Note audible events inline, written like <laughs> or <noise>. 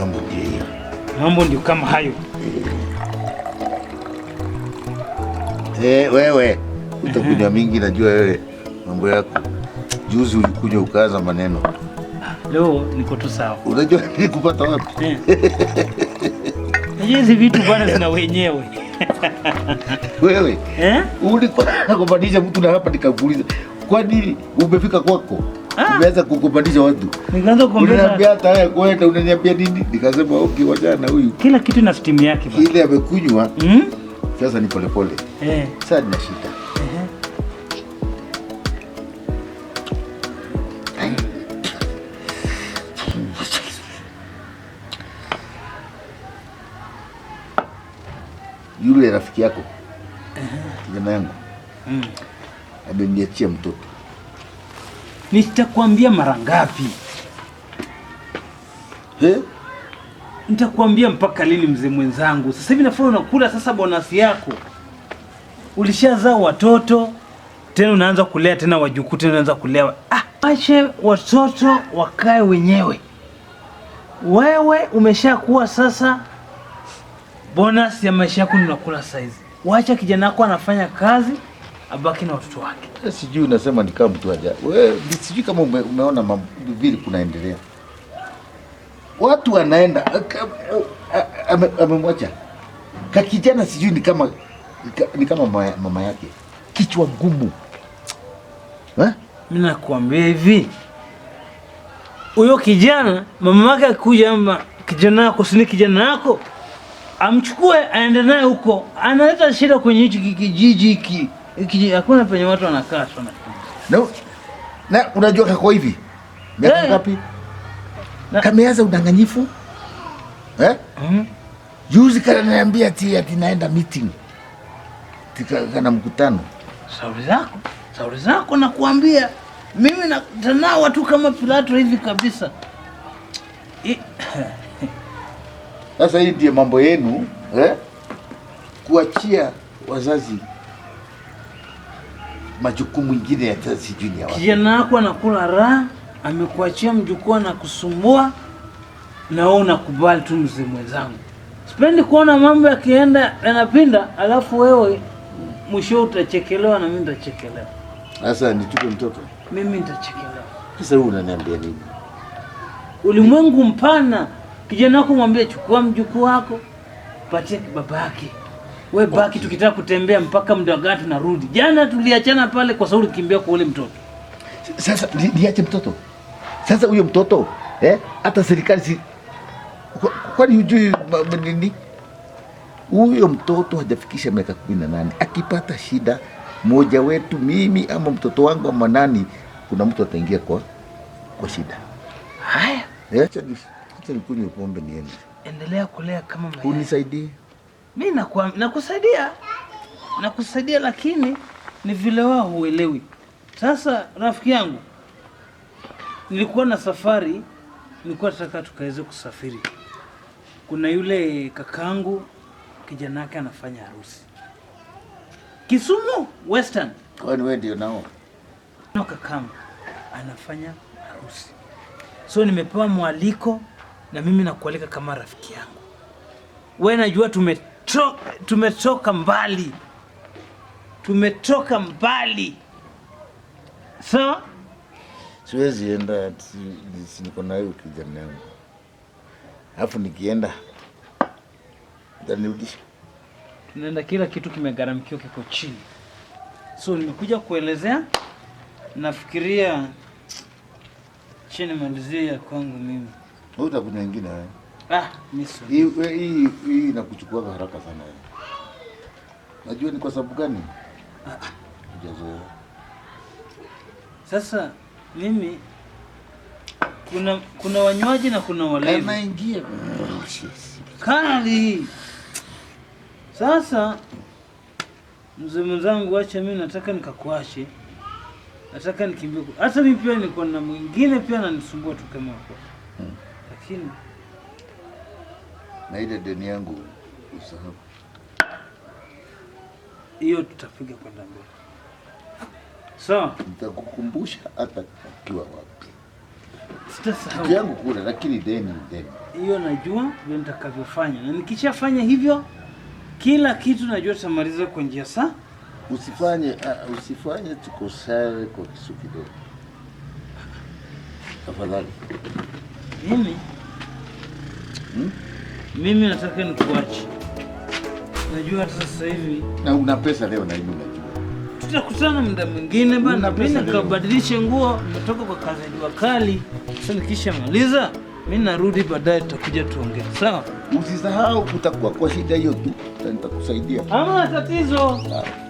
mambo ndio mambo ndio kama hayo eh. Wewe utakunywa mingi, najua wewe mambo yako. Juzi ulikuja ukaanza maneno, leo niko tu sawa. Unajua <laughs> nilikupata wapi? Eh. Hizi vitu bwana zina wenyewe wewe eh? Ulikuwa nakopandisha mtu na hapa nikakuuliza, kwani umefika kwako Ah. Nimeweza kukupandisha watu. Nikaanza kukumbusha. Unaniambia hata wewe kwenda unaniambia nini? Nikasema okay, wacha na huyu. Kila kitu na steam yake bwana. Ile amekunywa. Mm. Sasa ni pole. Eh. Sasa ni shida. Yule rafiki yako. Eh. Kijana yangu. Mm. Ameniachia mtoto. Nitakwambia mara ngapi eh? Nitakwambia mpaka lini mzee mwenzangu? Sasa hivi nafura unakula sasa bonasi yako, ulishazaa watoto tena unaanza kulea tena wajukuu tena unaanza kulewa. Ah, watoto wakae wenyewe. Wewe umeshakuwa sasa, bonasi ya maisha yako unakula saizi. Wacha kijana wako anafanya kazi abaki na watoto wake. Eh, sijui unasema ni kama mtu ajaye wewe, sijui kama ume, umeona vile kunaendelea, watu wanaenda eh, amemwacha kakijana, sijui ni kama ni kama mama yake kichwa ngumu. Mimi eh? nakwambia hivi, huyo kijana mama yake akuja, ama kijana yako sini, kijana yako amchukue aende naye huko, analeta shida kwenye hichi kijiji hiki hakuna penye watu wanakaa sana. Na unajua kako hivi miaka eh. ngapi kameanza udanganyifu eh? mm Juzi -hmm. kananiambia ti ati naenda meeting tikana mkutano. Sauri zako sauri zako, nakuambia mimi na tena watu kama Pilato hivi kabisa. Sasa hii ndio mambo yenu eh? kuachia wazazi majukumu mengine ya sijui ni Kijana wako anakula raha, amekuachia mjukuu na kusumbua, na wewe unakubali tu. Mzee mwenzangu, sipendi kuona mambo yakienda yanapinda, alafu wewe mwisho utachekelewa na mimi nitachekelewa. Sasa nitupe mtoto mimi nitachekelewa. Sasa wewe unaniambia nini? Ulimwengu mpana, kijana wako mwambie, chukua mjukuu wako, patie baba yake we baki, tukitaka kutembea mpaka muda gani? Tunarudi jana, tuliachana pale kwa sababu kimbia kwa ule mtoto. Sasa niache mtoto sasa, huyo mtoto eh, hata serikali si... kwani hujui nini? Huyo mtoto hajafikisha miaka kumi na nane. Akipata shida moja wetu, mimi ama mtoto wangu ama nani, kuna mtu ataingia kwa kwa shida. Haya, eh, acha nikunywe pombe niende. Endelea kulea kama mama, unisaidie mi nakusaidia nakusaidia, lakini ni vile wao huelewi. Sasa rafiki yangu, nilikuwa na safari, nilikuwa nataka tukaweze kusafiri. Kuna yule kakangu kijana yake anafanya harusi Kisumu Western. Kwani wewe ndio nao? No, kakangu anafanya harusi, so nimepewa mwaliko na mimi nakualika kama rafiki yangu. Wewe najua tume tumetoka, tumetoka mbali, tumetoka mbali sawa. So, siwezi enda niko na huyo kijana yangu, alafu nikienda tanirudisha. Tunaenda kila kitu kimegharamikiwa, kiko chini. So nimekuja kuelezea, nafikiria chini malizia ya kwangu mimi. Utakuja ingine wewe eh? Ah, hii inakuchukua haraka sana. Najua ni kwa sababu gani? Ah, ah. Hujazoea. Sasa mimi kuna kuna wanywaji na kuna walevi. Kama ingia oh, kali. Sasa mzee mwenzangu, acha mimi nataka nikakuache, nataka nikimbie. Hata mimi pia niko na mwingine pia ananisumbua tu kama hapo, hmm. lakini na ile deni yangu usahau hiyo, tutapiga kwenda mbele sawa. So, nitakukumbusha hata akiwa wapi, sitasahau yangu kule, lakini deni deni hiyo najua vile nitakavyofanya, na nikishafanya hivyo kila kitu najua tutamaliza kwa njia sa Usifanye uh, usifanye tukosare kwa kisu kidogo tafadhali. Mimi hmm? Mimi nataka nikuache. Najua sasa hivi na una pesa leo na Ibuna. Tutakutana muda mwingine bana. Mimi nikabadilisha nguo, natoka kwa kazi jua kali. Sasa nikishamaliza mi narudi baadaye, tutakuja tuongee. Sawa? Usisahau kutakuwa kwa shida hiyo tu. Nitakusaidia. Hamna tatizo. Sawa. Ah.